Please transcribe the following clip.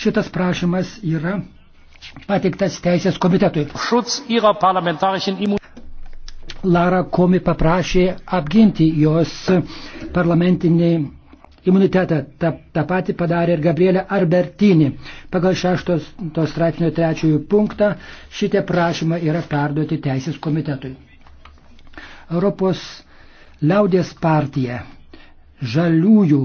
Šitas prašymas yra pateiktas teisės komitetui. Lara Komi paprašė apginti jos parlamentinį imunitetą. Ta, ta pati padarė ir Gabrielė Arbertini. Pagal šeštos straipsnio trečiųjų punktą šitie prašymą yra perduoti teisės komitetui. Europos liaudės partija žaliųjų